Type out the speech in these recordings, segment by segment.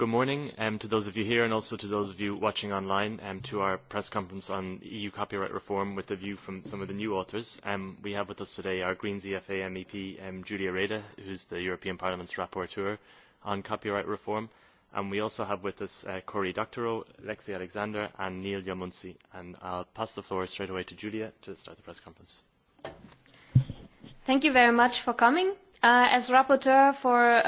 Good morning to those of you here and also to those of you watching online to our press conference on EU copyright reform with a view from some of the new authors. We have with us today our Greens EFA MEP, Julia Reda, who's the European Parliament's rapporteur on copyright reform. And we also have with us Cory Doctorow, Lexi Alexander and Neil Yamunsi. And I'll pass the floor straight away to Julia to start the press conference. Thank you very much for coming As rapporteur for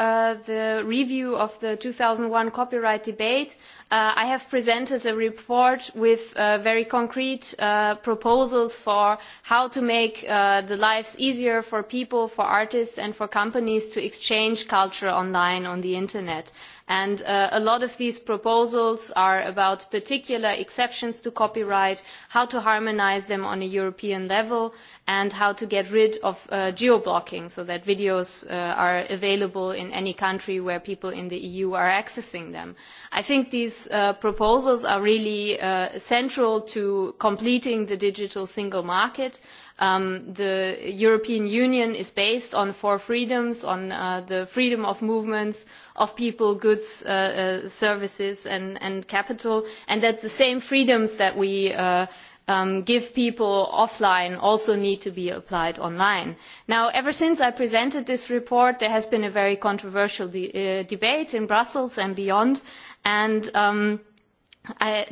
the review of the 2001 copyright debate, I have presented a report with very concrete proposals for how to make the lives easier for people, for artists and for companies to exchange culture online on the Internet and a lot of these proposals are about particular exceptions to copyright how to harmonise them on a european level and how to get rid of geo blocking so that videos are available in any country where people in the eu are accessing them. i think these proposals are really central to completing the digital single market. The European Union is based on four freedoms, on the freedom of movements of people, goods, services and capital, and that the same freedoms that we give people offline also need to be applied online. Now, ever since I presented this report, there has been a very controversial debate in Brussels and beyond, and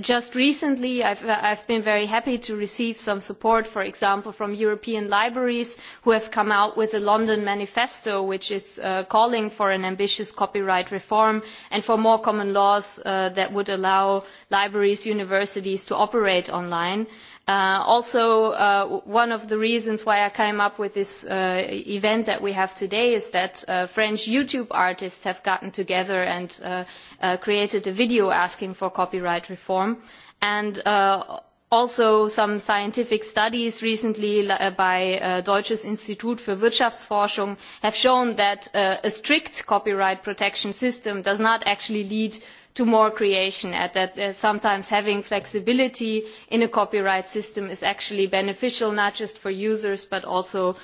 Just recently I have been very happy to receive some support, for example, from European libraries who have come out with a London manifesto which is calling for an ambitious copyright reform and for more common laws that would allow libraries, universities to operate online Also, one of the reasons why I came up with this event that we have today is that French YouTube artists have gotten together and created a video asking for copyright reform. And also some scientific studies recently by Deutsches Institut für Wirtschaftsforschung have shown that a strict copyright protection system does not actually lead to more creation and that sometimes having flexibility in a copyright system is actually beneficial not just for users but also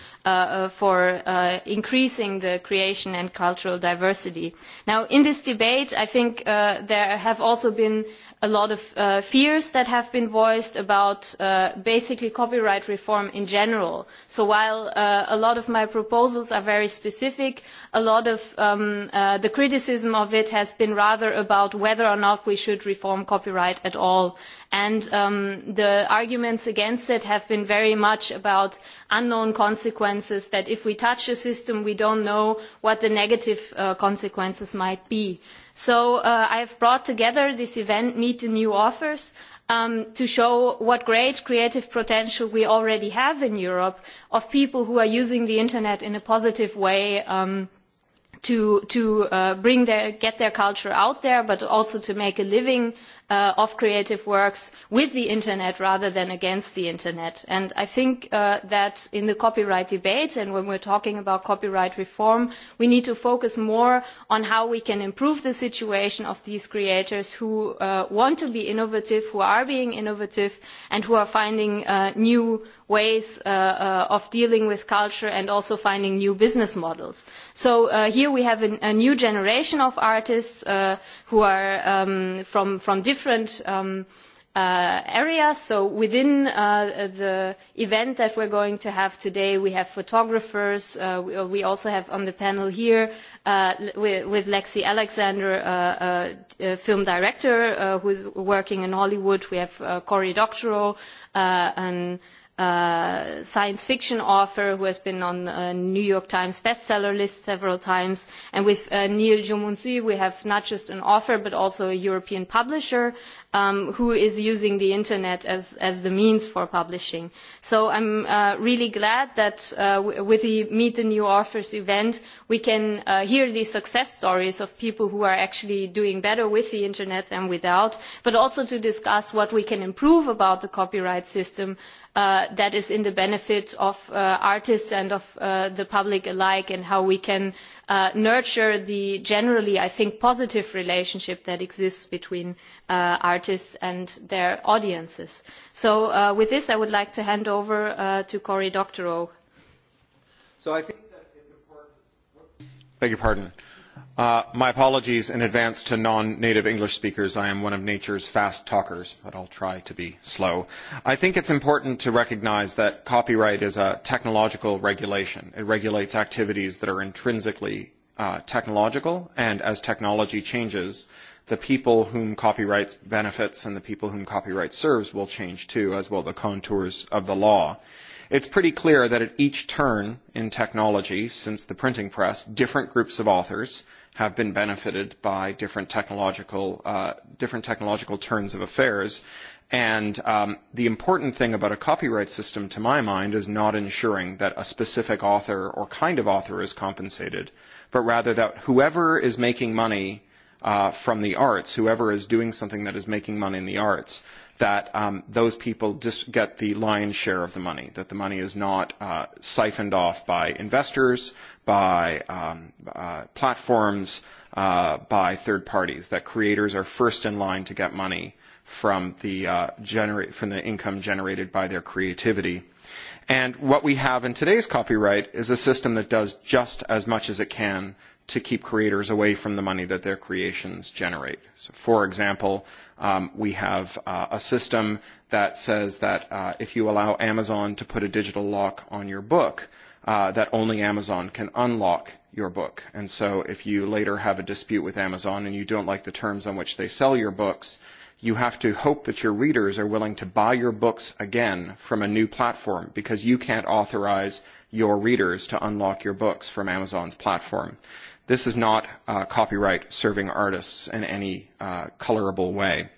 for increasing the creation and cultural diversity. in this debate i think there have also been a lot of fears that have been voiced about basically copyright reform in general. So while a lot of my proposals are very specific, a lot of the criticism of it has been rather about whether or not we should reform copyright at all. And the arguments against it have been very much about unknown consequences, that if we touch a system, we don't know what the negative consequences might be So I have brought together this event, Meet the New Authors, to show what great creative potential we already have in Europe of people who are using the Internet in a positive way to get their culture out there, but also to make a living of creative works with the internet rather than against the internet. And I think that in the copyright debate and when we are talking about copyright reform, we need to focus more on how we can improve the situation of these creators who want to be innovative, who are being innovative, and who are finding new ways of dealing with culture and also finding new business models. So here we have a new generation of artists who are from different areas. So within the event that we're going to have today, we have photographers. We also have on the panel here with Lexi Alexander, a film director who is working in Hollywood. We have Cory Doctorow, an science fiction author who has been on the New York Times bestseller list several times. And with Neil Jomunsi, we have not just an author, but also a European publisher who is using the internet as the means for publishing. So I'm really glad that with the Meet the New Authors event we can hear the success stories of people who are actually doing better with the internet than without, but also to discuss what we can improve about the copyright system that is in the benefit of artists and of the public alike and how we can nurture the generally i think positive relationship that exists between artists and their audiences. so with this i would like to hand over to cory doctorow. My apologies in advance to non-native English speakers. I am one of nature's fast talkers, but I'll try to be slow. I think it's important to recognize that copyright is a technological regulation. It regulates activities that are intrinsically technological, and as technology changes, the people whom copyright benefits and the people whom copyright serves will change too, as will the contours of the law. It's pretty clear that at each turn in technology since the printing press, different groups of authors have been benefited by different technological uh different technological turns of affairs. And the important thing about a copyright system, to my mind, is not ensuring that a specific author or kind of author is compensated, but rather that whoever is making money from the arts, whoever is doing something that is making money in the arts, that um those people just get the lion's share of the money, that the money is not uh siphoned off by investors, by um uh platforms, by third parties, that creators are first in line to get money from the uh from the income generated by their creativity. And what we have in today's copyright is a system that does just as much as it can to keep creators away from the money that their creations generate. So for example, we have a system that says that if you allow Amazon to put a digital lock on your book, that only Amazon can unlock your book. And so if you later have a dispute with Amazon and you don't like the terms on which they sell your books, you have to hope that your readers are willing to buy your books again from a new platform because you can't authorize your readers to unlock your books from Amazon's platform. This is not copyright serving artists in any colorable way.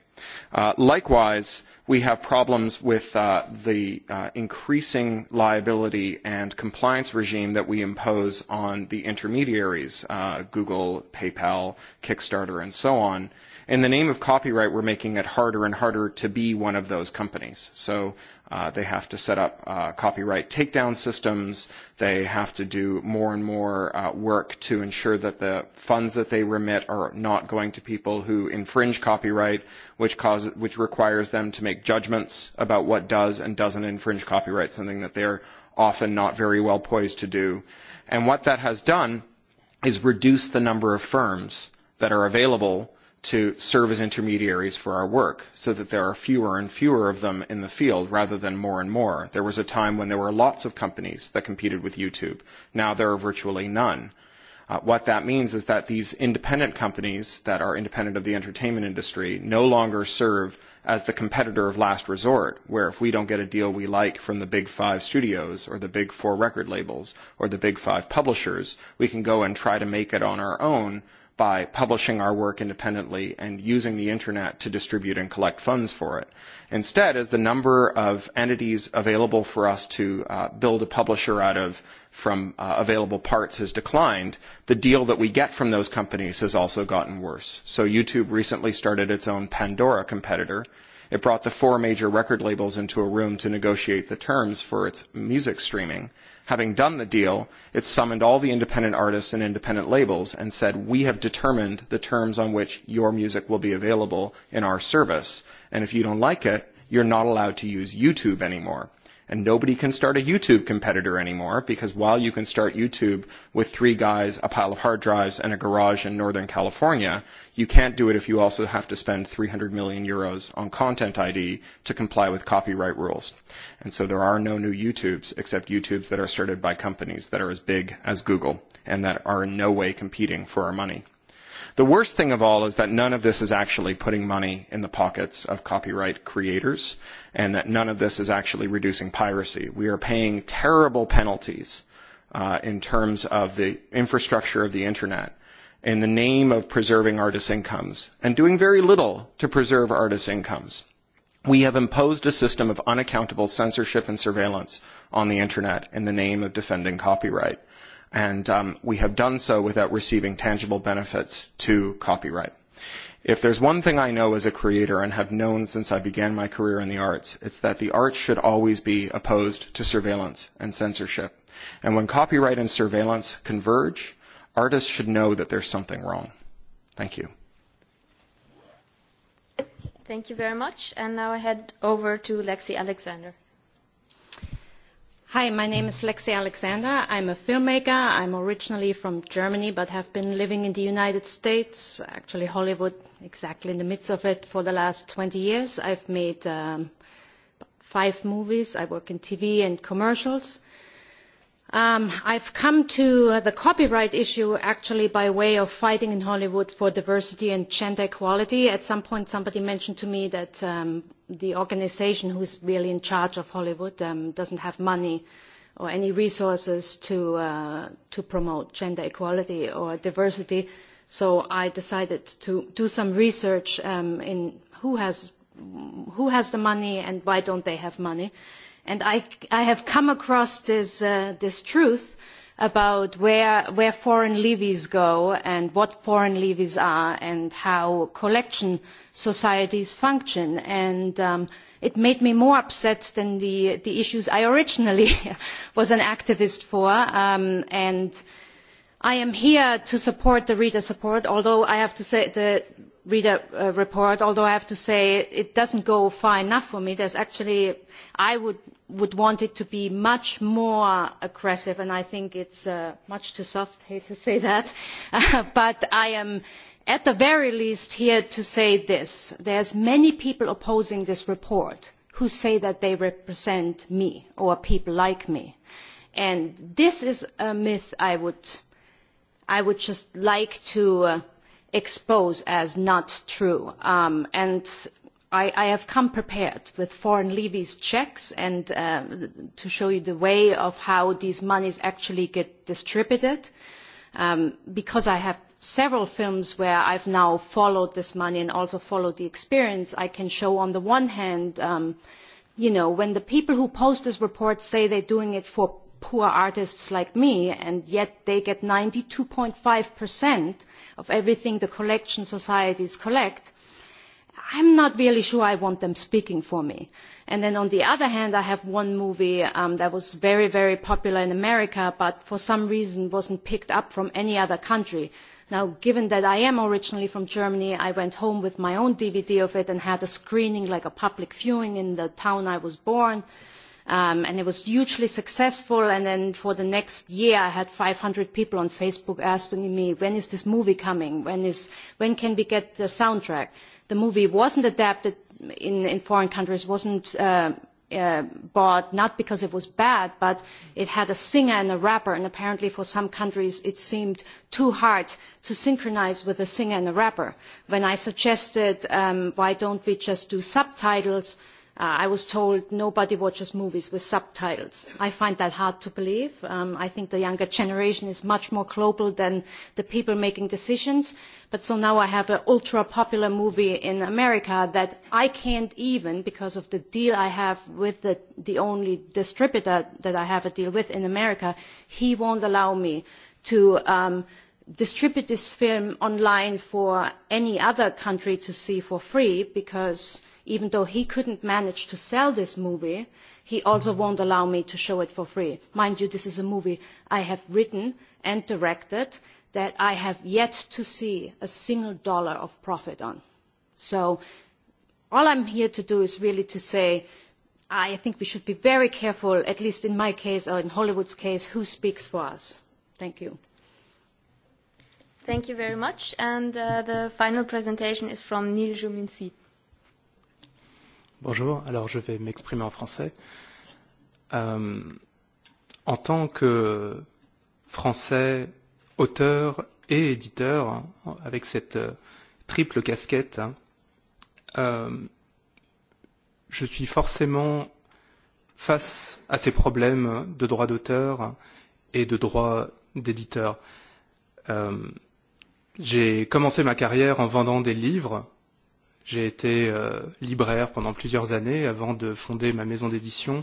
Likewise, we have problems with the increasing liability and compliance regime that we impose on the intermediaries, Google, PayPal, Kickstarter, and so on in the name of copyright we're making it harder and harder to be one of those companies so uh they have to set up uh copyright takedown systems they have to do more and more uh work to ensure that the funds that they remit are not going to people who infringe copyright which causes which requires them to make judgments about what does and doesn't infringe copyright something that they're often not very well poised to do and what that has done is reduce the number of firms that are available to serve as intermediaries for our work so that there are fewer and fewer of them in the field rather than more and more. There was a time when there were lots of companies that competed with YouTube. Now there are virtually none. What that means is that these independent companies that are independent of the entertainment industry no longer serve as the competitor of last resort, where if we don't get a deal we like from the big five studios or the big four record labels or the big five publishers, we can go and try to make it on our own by publishing our work independently and using the internet to distribute and collect funds for it. Instead, as the number of entities available for us to build a publisher out of from available parts has declined, the deal that we get from those companies has also gotten worse. So YouTube recently started its own Pandora competitor. It brought the four major record labels into a room to negotiate the terms for its music streaming having done the deal it summoned all the independent artists and independent labels and said we have determined the terms on which your music will be available in our service and if you don't like it you're not allowed to use youtube anymore and nobody can start a youtube competitor anymore because while you can start youtube with three guys a pile of hard drives and a garage in northern california you can't do it if you also have to spend 300 million euros on content id to comply with copyright rules and so there are no new youtubes except youtubes that are started by companies that are as big as google and that are in no way competing for our money the worst thing of all is that none of this is actually putting money in the pockets of copyright creators and that none of this is actually reducing piracy we are paying terrible penalties in terms of the infrastructure of the internet in the name of preserving artists' incomes and doing very little to preserve artists' incomes. We have imposed a system of unaccountable censorship and surveillance on the internet in the name of defending copyright and we have done so without receiving tangible benefits to copyright. If there's one thing I know as a creator and have known since I began my career in the arts, it's that the arts should always be opposed to surveillance and censorship. And when copyright and surveillance converge, artists should know that there's something wrong. Thank you. Thank you very much. And now I head over to Lexi Alexander. Hi, my name is Lexi Alexander. I'm a filmmaker. I'm originally from Germany but have been living in the United States, actually Hollywood, exactly in the midst of it for the last 20 years. I've made five movies. I work in TV and commercials. I've come to the copyright issue actually by way of fighting in Hollywood for diversity and gender equality. At some point somebody mentioned to me that the organisation who's is really in charge of Hollywood doesn't have money or any resources to promote gender equality or diversity. So I decided to do some research in who has the money and why don't they have money and i have come across this truth about where foreign levies go and what foreign levies are and how collection societies function and it made me more upset than the issues i originally was an activist for and i am here to support the reader support, although i have to say the read a report although i have to say it doesn't go far enough for me there's actually i would would want it to be much more aggressive and i think it's much too soft hate to say that but i am at the very least here to say this there's many people opposing this report who say that they represent me or people like me and this is a myth i would i would just like to expose as not true. And I have come prepared with foreign levies checks and to show you the way of how these monies actually get distributed, because I have several films where I've now followed this money and also followed the experience. I can show on the one hand, you know, when the people who post this report say they're doing it for poor artists like me, and yet they get 92.5% of everything the collection societies collect, I'm not really sure I want them speaking for me. And then on the other hand, I have one movie that was very, very popular in America, but for some reason wasn't picked up from any other country. Now, given that I am originally from Germany, I went home with my own DVD of it and had a screening, like a public viewing in the town I was born and it was hugely successful and then for the next year I had 500 people on Facebook asking me when is this movie coming, when is when can we get the soundtrack. The movie wasn't adapted in foreign countries, wasn't bought not because it was bad, but it had a singer and a rapper and apparently for some countries it seemed too hard to synchronize with a singer and a rapper. When I suggested why don't we just do subtitles I was told nobody watches movies with subtitles. I find that hard to believe. I think the younger generation is much more global than the people making decisions. But so now I have an ultra-popular movie in America that I can't even, because of the deal I have with the only distributor that I have a deal with in America, he won't allow me to distribute this film online for any other country to see for free because even though he couldn't manage to sell this movie, he also won't allow me to show it for free. Mind you, this is a movie I have written and directed that I have yet to see a single dollar of profit on. So all I'm here to do is really to say I think we should be very careful, at least in my case or in Hollywood's case, who speaks for us. Thank you. Thank you very much. And the final presentation is from Neil Juminsit. Bonjour, alors je vais m'exprimer en français. En tant que français auteur et éditeur, avec cette triple casquette, je suis forcément face à ces problèmes de droit d'auteur et de droit d'éditeur. J'ai commencé ma carrière en vendant des livres J'ai été libraire pendant plusieurs années avant de fonder ma maison d'édition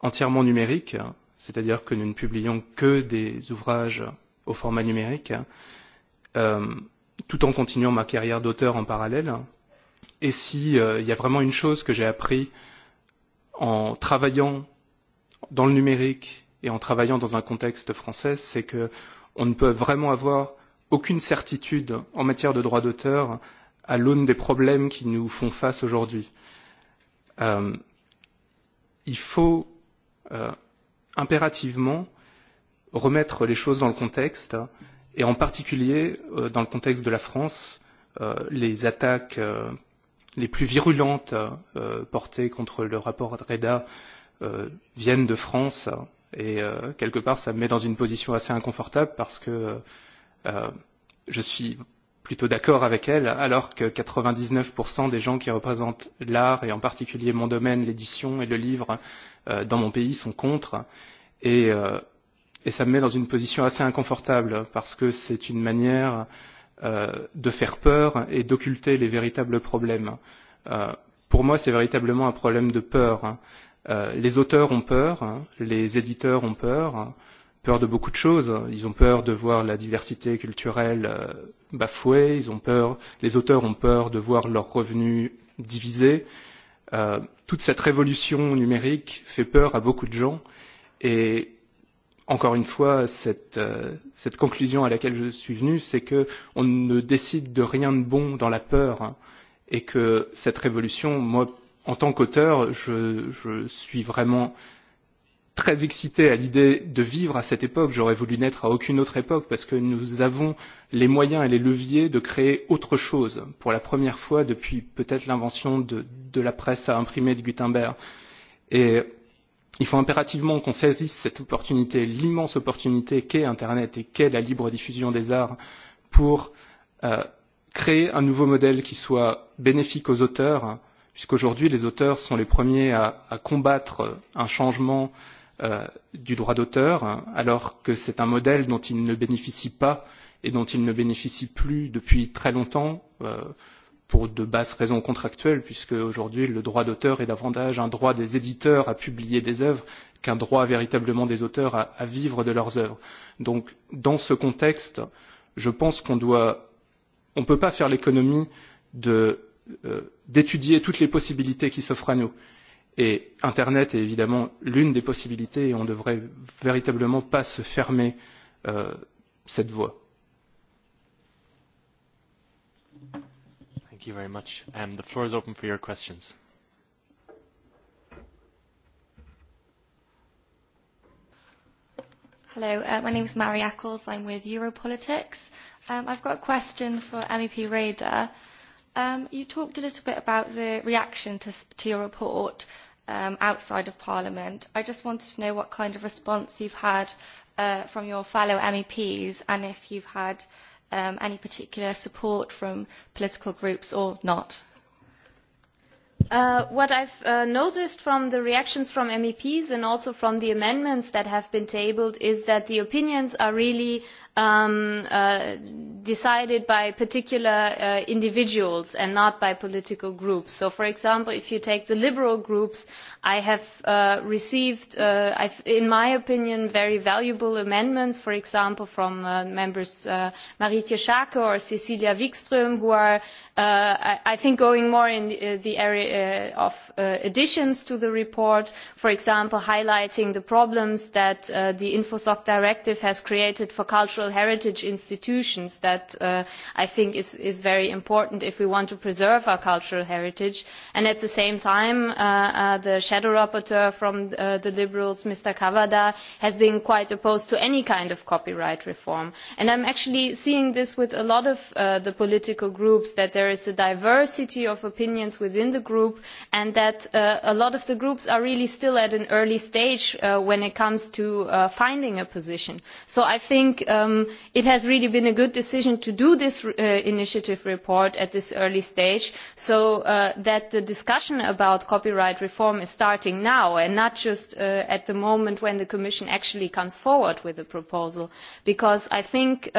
entièrement numérique, c'est-à-dire que nous ne publions que des ouvrages au format numérique, tout en continuant ma carrière d'auteur en parallèle. Et si y a vraiment une chose que j'ai appris en travaillant dans le numérique et en travaillant dans un contexte français, c'est qu'on ne peut vraiment avoir aucune certitude en matière de droit d'auteur à l'aune des problèmes qui nous font face aujourd'hui. Il faut impérativement remettre les choses dans le contexte, et en particulier dans le contexte de la France, les attaques les plus virulentes portées contre le rapport Reda viennent de France, et quelque part ça me met dans une position assez inconfortable parce que je suis plutôt d'accord avec elle, alors que 99% des gens qui représentent l'art, et en particulier mon domaine, l'édition et le livre, dans mon pays, sont contre. Et ça me met dans une position assez inconfortable, parce que c'est une manière de faire peur et d'occulter les véritables problèmes. Pour moi, c'est véritablement un problème de peur. Les auteurs ont peur, les éditeurs ont peur peur de beaucoup de choses. Ils ont peur de voir la diversité culturelle bafouée. Ils ont peur, les auteurs ont peur de voir leurs revenus divisés. Toute cette révolution numérique fait peur à beaucoup de gens. Et encore une fois, cette, cette conclusion à laquelle je suis venu, c'est que on ne décide de rien de bon dans la peur. Et que cette révolution, moi, en tant qu'auteur, je, je suis vraiment très excité à l'idée de vivre à cette époque. J'aurais voulu naître à aucune autre époque parce que nous avons les moyens et les leviers de créer autre chose pour la première fois depuis peut-être l'invention de, de la presse à imprimer de Gutenberg. Et il faut impérativement qu'on saisisse cette opportunité, l'immense opportunité qu'est Internet et qu'est la libre diffusion des arts pour créer un nouveau modèle qui soit bénéfique aux auteurs, puisqu'aujourd'hui les auteurs sont les premiers à, à combattre un changement du droit d'auteur, alors que c'est un modèle dont il ne bénéficie pas et dont il ne bénéficie plus depuis très longtemps pour de basses raisons contractuelles, puisque aujourd'hui le droit d'auteur est davantage un droit des éditeurs à publier des œuvres qu'un droit véritablement des auteurs à vivre de leurs œuvres. Donc, dans ce contexte, je pense qu'on doit on ne peut pas faire l'économie d'étudier toutes les possibilités qui s'offrent à nous et internet est évidemment l'une des possibilités et on ne devrait véritablement pas se fermer cette voie. Thank you very much. Um, the floor is open for your questions. Hello, uh, my name is Mary Eccles. I'm with Europolitics. Um, I've got a question for MEP Rader. Um, you talked a little bit about the reaction to, to your report outside of Parliament. I just wanted to know what kind of response you've had from your fellow MEPs and if you've had any particular support from political groups or not. What I've noticed from the reactions from MEPs and also from the amendments that have been tabled is that the opinions are really decided by particular individuals and not by political groups. So, for example, if you take the liberal groups, I have received, in my opinion, very valuable amendments, for example, from members Marietje Schaake or Cecilia Wikström, who are, I think, going more in the area of additions to the report, for example, highlighting the problems that the InfoSoc directive has created for cultural heritage institutions, that that I think is very important if we want to preserve our cultural heritage. And at the same time, the shadow rapporteur from the Liberals, Mr. Kavada has been quite opposed to any kind of copyright reform. And I'm actually seeing this with a lot of the political groups, that there is a diversity of opinions within the group and that a lot of the groups are really still at an early stage when it comes to finding a position. So I think it has really been a good decision to do this initiative report at this early stage so that the discussion about copyright reform is starting now and not just at the moment when the commission actually comes forward with a proposal because i think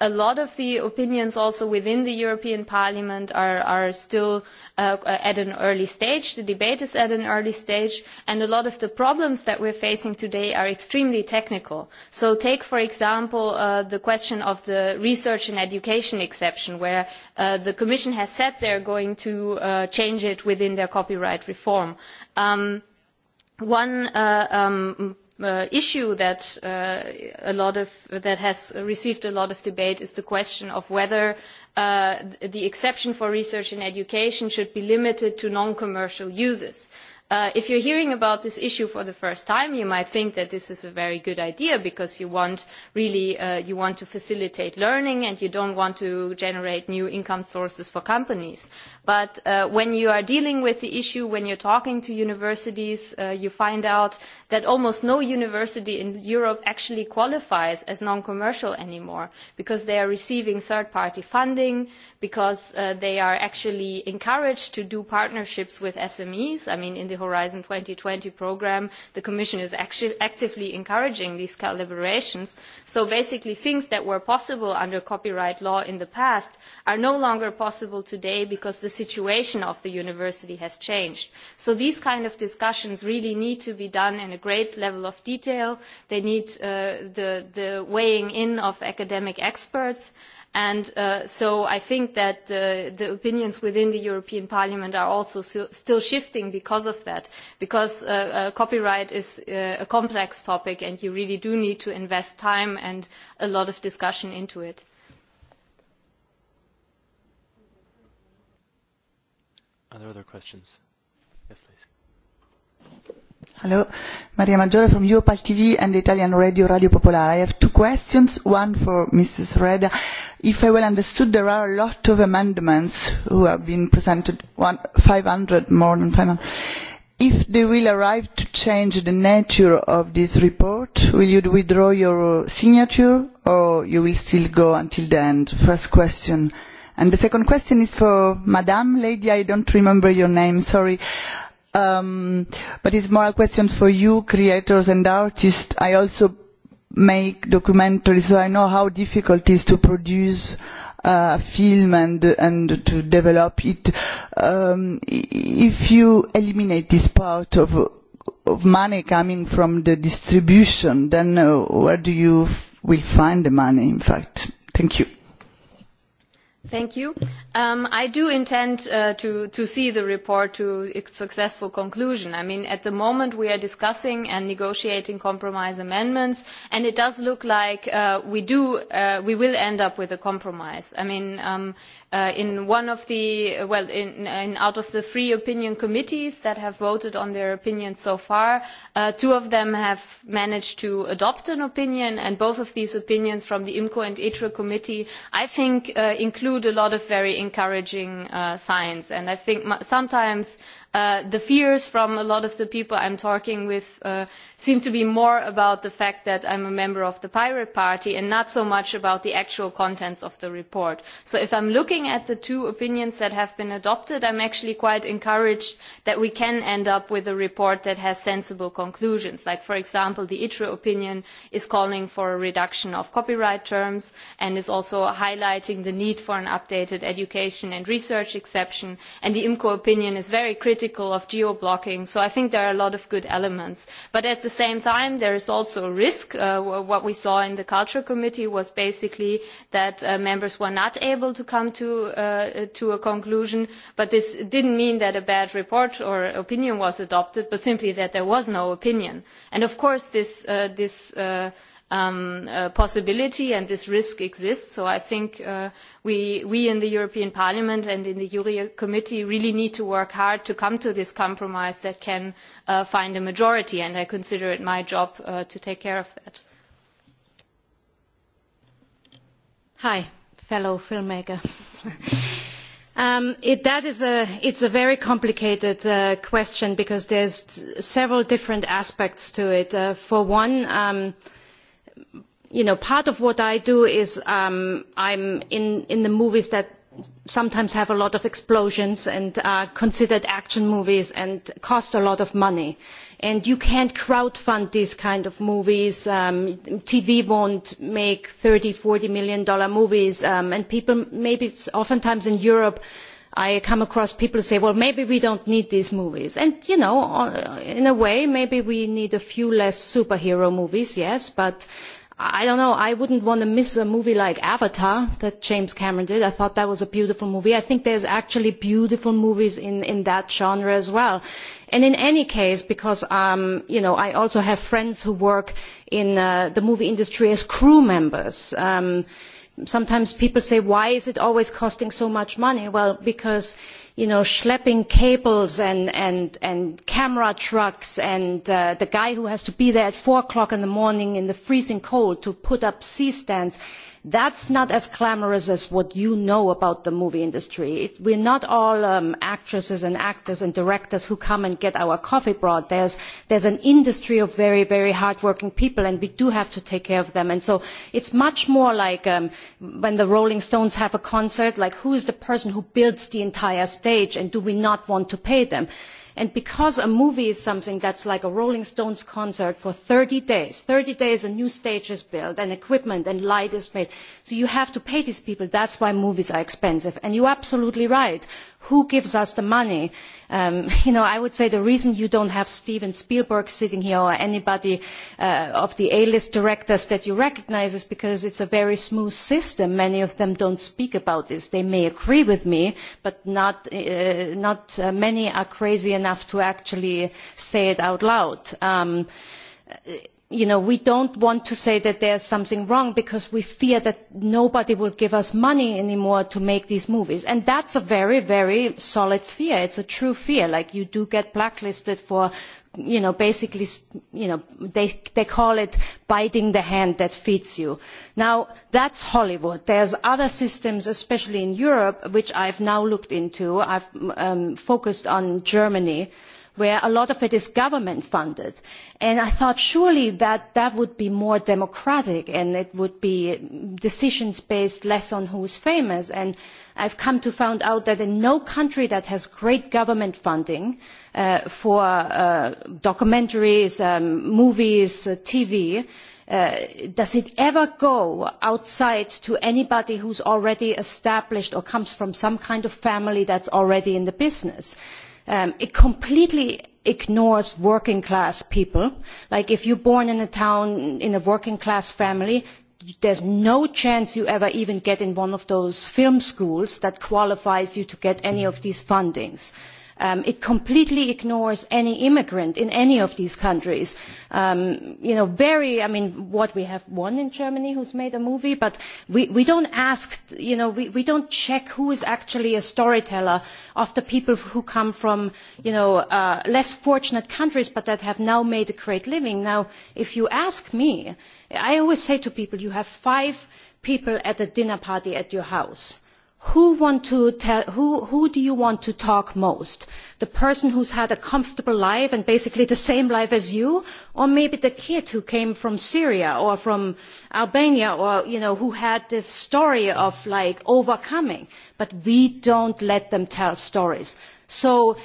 a lot of the opinions also within the European Parliament are still at an early stage. The debate is at an early stage, and a lot of the problems that we are facing today are extremely technical. So take, for example, the question of the research and education exception, where the Commission has said they are going to change it within their copyright reform. One issue that that has received a lot of debate is the question of whether the exception for research and education should be limited to non commercial uses. If you're hearing about this issue for the first time, you might think that this is a very good idea because you want to facilitate learning and you don't want to generate new income sources for companies. But when you are dealing with the issue, when you're talking to universities, you find out that almost no university in Europe actually qualifies as non-commercial anymore because they are receiving third-party funding, because they are actually encouraged to do partnerships with SMEs. in Horizon 2020 program, the Commission is actively encouraging these collaborations. So basically things that were possible under copyright law in the past are no longer possible today because the situation of the university has changed. So these kind of discussions really need to be done in a great level of detail. They need the weighing in of academic experts and so i think that the opinions within the european parliament are also still shifting because of that because copyright is a complex topic and you really do need to invest time and a lot of discussion into it are there other questions yes please Hello, Maria Maggiore from Europal TV and Italian Radio, Radio Popolare. I have two questions, one for Mrs. Reda if I well understood, there are a lot of amendments who have been presented, 500 more than hundred. If they will arrive to change the nature of this report, will you withdraw your signature or you will still go until the end? First question. And the second question is for Madame, lady, I don't remember your name, sorry. But is more a question for you, creators and artists. I also make documentaries so i know how difficult it is to produce a film and to develop it if you eliminate this part of money coming from the distribution then where do you will find the money in fact thank you Thank you. I do intend to see the report to its successful conclusion. I mean, at the moment we are discussing and negotiating compromise amendments, and it does look like we will end up with a compromise. I mean in one of the well in out of the three opinion committees that have voted on their opinions so far two of them have managed to adopt an opinion and both of these opinions from the imco and itre committee i think include a lot of very encouraging signs, and i think sometimes The fears from a lot of the people I'm talking with seem to be more about the fact that I'm a member of the Pirate Party and not so much about the actual contents of the report. So if I'm looking at the two opinions that have been adopted, I'm actually quite encouraged that we can end up with a report that has sensible conclusions. Like, for example, the ITRE opinion is calling for a reduction of copyright terms and is also highlighting the need for an updated education and research exception. And the IMCO opinion is very critical critical of geo blocking so i think there are a lot of good elements but at the same time there is also a risk what we saw in the culture committee was basically that members were not able to come to a conclusion but this didn't mean that a bad report or opinion was adopted but simply that there was no opinion and of course this possibility and this risk exists so i think we in the european parliament and in the juri committee really need to work hard to come to this compromise that can find a majority and i consider it my job to take care of that hi fellow filmmaker that is it's a very complicated question because there's several different aspects to it for one you know part of what i do is i'm in the movies that sometimes have a lot of explosions and are considered action movies and cost a lot of money and you can't crowdfund these kind of movies tv won't make 30 40 million dollar movies and people maybe oftentimes in europe I come across people who say, well, maybe we don't need these movies. And, you know, in a way, maybe we need a few less superhero movies, yes, but I don't know, I wouldn't want to miss a movie like Avatar that James Cameron did. I thought that was a beautiful movie. I think there's actually beautiful movies in that genre as well. And in any case, because, you know, I also have friends who work in the movie industry as crew members sometimes people say why is it always costing so much money? well because schlepping cables and camera trucks and the guy who has to be there at four o'clock in the morning in the freezing cold to put up c stands That is not as glamorous as what you know about the movie industry. We are not all actresses and actors and directors who come and get our coffee brought. is an industry of very, very hard-working people, and we do have to take care of them. And so it's much more like when the Rolling Stones have a concert, like who is the person who builds the entire stage, and do we not want to pay them? and because a movie is something that's like a rolling stones concert for 30 days 30 days a new stage is built and equipment and light is made so you have to pay these people that's why movies are expensive and you are absolutely right who gives us the money? you know, I would say the reason you don't have Steven Spielberg sitting here or anybody of the A-list directors that you recognize is because it's a very smooth system. Many of them don't speak about this. They may agree with me, but not many are crazy enough to actually say it out loud you know we don't want to say that there's something wrong because we fear that nobody will give us money anymore to make these movies and that's a very very solid fear it's a true fear like you do get blacklisted for you know basically you know they they call it biting the hand that feeds you now that's hollywood there's other systems especially in europe which i've now looked into i've focused on germany where a lot of it is government funded. And I thought surely that that would be more democratic and it would be decisions based less on who is famous. And I've come to find out that in no country that has great government funding for documentaries, movies, TV, does it ever go outside to anybody who is already established or comes from some kind of family that is already in the business it completely ignores working class people like if you are born in a town in a working class family there is no chance you ever even get in one of those film schools that qualifies you to get any of these fundings. It completely ignores any immigrant in any of these countries. very, I mean, what we have one in Germany has made a movie, but we don't ask, you know, we check who is actually a storyteller of the people who come from, less fortunate countries but that have now made a great living. Now, if you ask me, I always say to people, you have five people at a dinner party at your house Who want to tell who who do you want to talk most? The person who's had a comfortable life and basically the same life as you, or maybe the kid who came from Syria or from Albania or you know who had this story of like overcoming. But we don't let them tell stories. So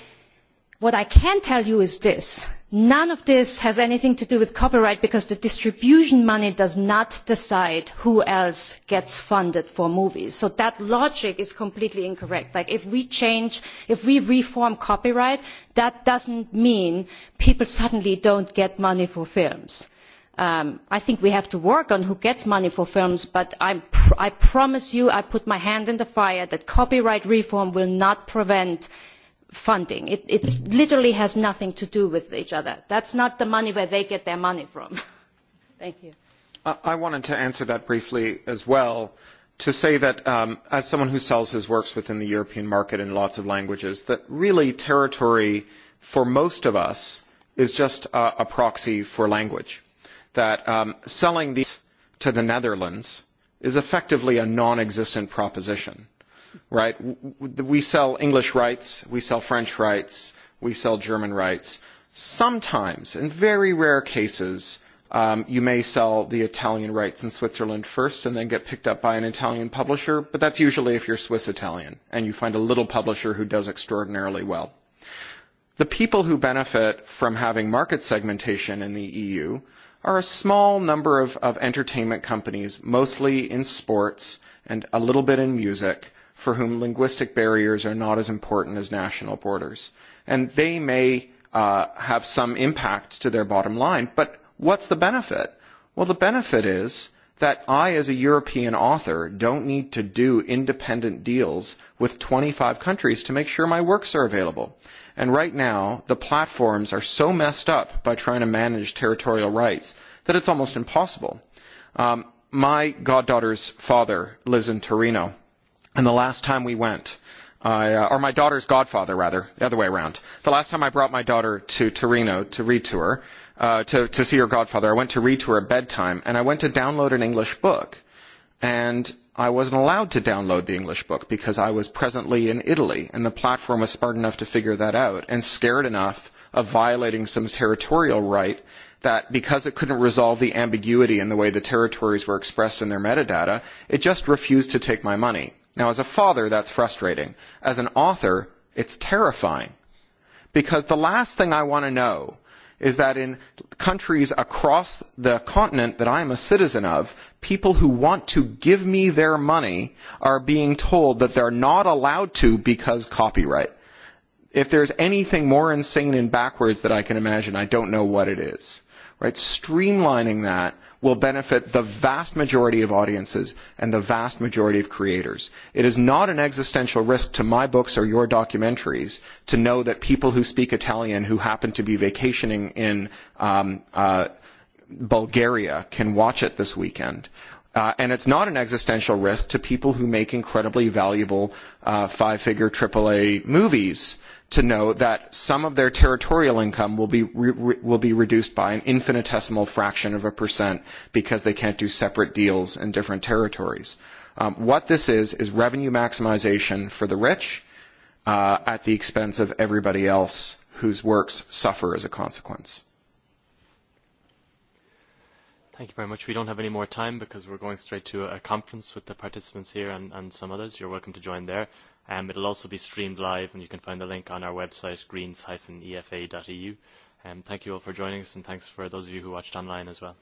what I can tell you is this None of this has anything to do with copyright because the distribution money does not decide who else gets funded for movies. So that logic is completely incorrect. Like if we change, if we reform copyright, that doesn't mean people suddenly don't get money for films. I think we have to work on who gets money for films, but I promise you, I put my hand in the fire that copyright reform will not prevent funding. It literally has nothing to do with each other. That's not the money where they get their money from. Thank you. I wanted to answer that briefly as well, to say that as someone who sells his works within the European market in lots of languages, that really territory for most of us is just a proxy for language. That selling these to the Netherlands is effectively a non-existent proposition right? We sell English rights, we sell French rights, we sell German rights. Sometimes, in very rare cases, you may sell the Italian rights in Switzerland first and then get picked up by an Italian publisher, but that's usually if you're Swiss-Italian and you find a little publisher who does extraordinarily well. The people who benefit from having market segmentation in the EU are a small number of entertainment companies, mostly in sports and a little bit in music, for whom linguistic barriers are not as important as national borders. And they may have some impact to their bottom line, but what's the benefit? Well, the benefit is that I, as a European author, don't need to do independent deals with 25 countries to make sure my works are available. And right now, the platforms are so messed up by trying to manage territorial rights that it's almost impossible. My goddaughter's father lives in Torino and the last time we went or my daughter's godfather rather the other way around the last time i brought my daughter to torino to read to her to see her godfather i went to read to her at bedtime and i went to download an english book and i wasn't allowed to download the english book because i was presently in italy and the platform was smart enough to figure that out and scared enough of violating some territorial right that because it couldn't resolve the ambiguity in the way the territories were expressed in their metadata it just refused to take my money Now, as a father, that's frustrating. As an author, it's terrifying. Because the last thing I want to know is that in countries across the continent that I am a citizen of, people who want to give me their money are being told that they're not allowed to because copyright. If there's anything more insane and backwards that I can imagine, I don't know what it is right streamlining that will benefit the vast majority of audiences and the vast majority of creators it is not an existential risk to my books or your documentaries to know that people who speak italian who happen to be vacationing in bulgaria can watch it this weekend and it's not an existential risk to people who make incredibly valuable five figure aaa movies to know that some of their territorial income will be will be reduced by an infinitesimal fraction of a percent because they can't do separate deals in different territories. What this is is revenue maximization for the rich at the expense of everybody else whose works suffer as a consequence. Thank you very much. We don't have any more time because we're going straight to a conference with the participants here and some others. You're welcome to join there. It will also be streamed live, and you can find the link on our website, greens-efa.eu. Thank you all for joining us, and thanks for those of you who watched online as well.